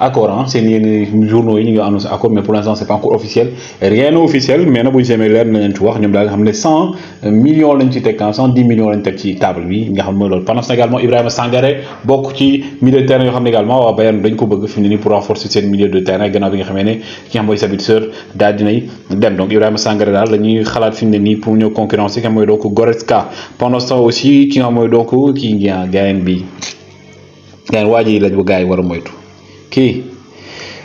accord ah seen yenn journaux yi ñu ngi annoncé accord mais pour l'instant c'est pas encore officiel rien n'est officiel mais nag bu ñu seemee leer na leen ci wax ñoom daal nga xam ne millions lañ ci teg ah, cent dix millions lañ teg ci table bi nga xam mooy loolu pendant ce temps également Ibrahima Sangaré bokk ci milieu de terrain yoo xam ne également waa Bayern dañ ko bëgg fi pour renforcer seen milieu de terrain gannaaw bi nga xamee ne ki nga xam mooy Sabitzer dem donc Ibrahima Sangaré daal la ñuy xalaat fi pour ñëw concurrencer ki nga mooy donc Goretzka pendant ce temps aussi ki nga mooy donc kii gayen bi gayen waa ji lañ bu gars yi war moytu Okay.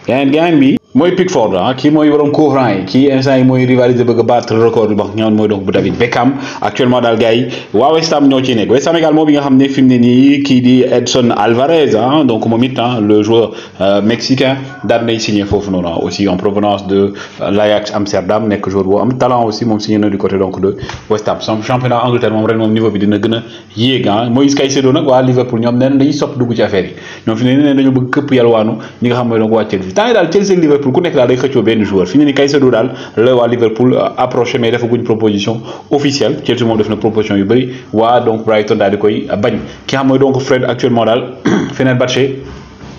Yani gani moy Pickford hein ah, qui moy borom coup franc yi kii instant moy rivaliser bëgg battre record bi ba nga xam donc bu David Beckham actuellement dal gay wa West Ham ñoo ciy nekk West Ham également bi nga xamné ne fi mu ne di Edson Alvarez hein donc moom it ah, le joueur euh, mexicain daal nay signé foofu aussi en provenance de euh, l'Ajax Amsterdam nek joueur boo am talent aussi mom signé na du côté donc de West Ham son championnat Angleterre mom rek moom niveau bi dina gëna a yéeg ah Moïse Caicedo nag waa Liverpool ñoom nee dañuy sopp dugg ci affaire yi ñom fi ne dañu dañoo bëgg këpp yàlwaanu ñi nga xam moy donc waa Chelsea temps dal Chelsea Liverpool Liverpool ku nekk daal day xëccoo benn joueur fi mu ne nii Caicedo daal Liverpool euh, approché mais dafa guñ proposition officielle Chelsea mom def na proposition yu bari wa donc Brighton dal di koy bañ ki nga xam donc Fred actuellement daal Fenerbahçe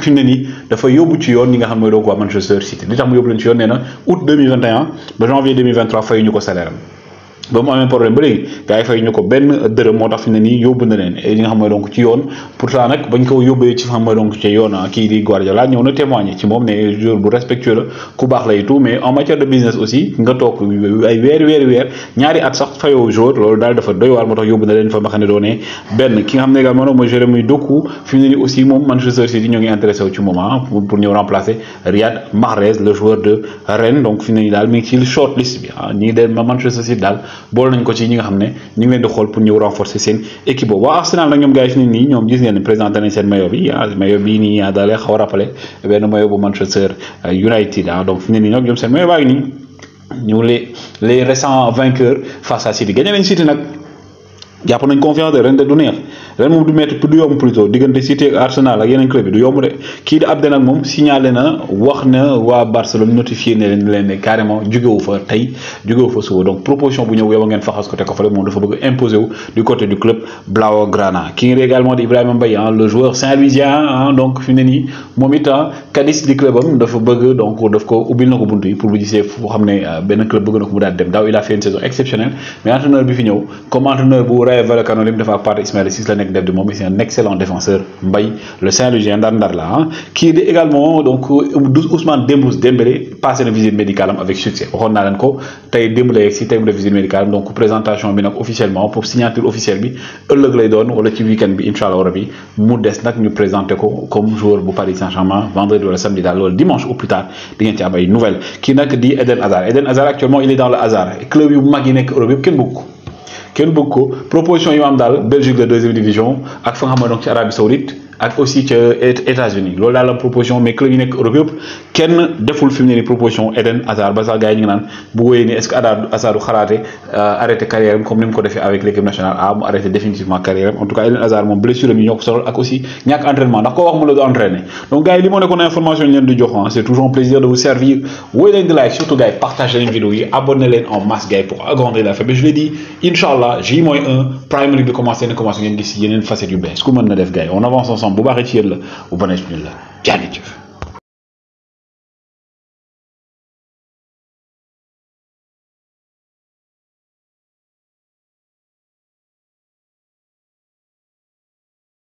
fi mu ne nii dafa yóbbu ci yoon ñi nga xam mooy doog waa Manchester City li tax mu yóbbu leen ci yoon nee na août ba janvier 2023 fayuñu ko salaire ba mu amee problème ba léegi gars yi fay ñu ko benn dërëm moo tax fi ne nii yóbbu na leen li nga xam mooy donc ci yoon pourtant nag bañ ko ah, moom ne joueur bu respectueux la ku aussi nga toog ay weer weer weer at sax fayoo joueur loolu daal dafa doy waar moo tax yóbbu na leen fa ma ne doonee benn ki nga xam ne également moom mooy ah, de Rennes donc fi mu ne nii daal mi ngi ci short list bi ah ñi ngi Manchester City daal boole nañ ko ci ñi nga xam ne ñu ngi leen di xool pour ñëw renforcer seen équipe boobu waa Arsenal nag ñoom gars yi fi ne nii ñoom gis ngeen ne présenté nañ seen maillot bi ah maillot bii nii ah daal xaw a benn maillot bu Manchester euh, United ah, donc fi ne nii nag ñoom seen maillot baa ngi nii ñu les les récents vainqueurs face à City gagné nañ City nag. jàpp nañ confiance une confiance de du neex ren moom du métti du yomb plutôt diggante City ak Arsenal ak yeneen club yi du yomb de kii di Abdel ak moom na wax na Barcelone notifié ne leen carrément du carrément jugewu fa du jugewu fa suba donc proposition bu ñëw yow ngeen faxas ko te ko fale moom dafa bëgg imposé wu du côté du club Blaugrana ki est également di Mbaye hein, le joueur Saint-Louisien hein, donc fi momita cadis du Cadiz di club am dafa bëgg donc daf ko ubbil na ko bunt yi pour bu dire faut xam ben benn club bëgg na d'abord mu daal il a fait une saison exceptionnelle mais entraîneur bi fi ñëw comme entraîneur Boulaye Vallecano lim mu def ak part Ismaël Cissé la nek def di c'est un excellent défenseur Mbaye le Saint-Louisien ndar ndar la hein, qui kii également donc euh, Ousmane Dembélé Dembélé passé na visite médicale avec succès waxoon naa leen ko tay Dembélé la tay si visite médicale donc présentation bi nak officiellement pour signature officielle bi euleug lay doon wala ci week-end bi inshallah allah rabi mu dess nak ñu présenter ko comme joueur bu Paris Saint-Germain vendredi wala samedi dal wala dimanche au plus tard di ngeen ci am ay nouvelles qui nak di Eden Hazard Eden Hazard actuellement il est dans le Hazard club yu mag yi nekk Europe yëpp kenn beaucoup proposition yu am daal Belgique de deuxième division ak fa donc ci Arabie Saoudite ak aussi ca États-Unis loolu dal la proposition mais club yi nekk kenn deful fimné ne ni proposition Eden Hazard ba sax gaay yi ñu ngi bu woyé ni est-ce que Hazard Hazard euh, arrêté carrière comme nim ko défé avec l'équipe nationale a ah, mu arrêté définitivement carrière en tout cas Eden Hazard mom blessure am yi ñoo ak aussi ñak entraînement ndax ko wax mu la do entraîner donc gars yi li moo nekkoon information ñen di jox ah c'est toujours un plaisir de vous servir woyé leen di like surtout gars partagez partage vidéo yi abonné leen en masse gars pour agrandir la famille je l'ai dit inshallah, J moins 1 prime League bi commencé na commencé ngeen gis yeneen facette yu bees ku mën na def gars on avance ensemble bu baaxee ci yéen la bu bonee ci ñun la jaajëf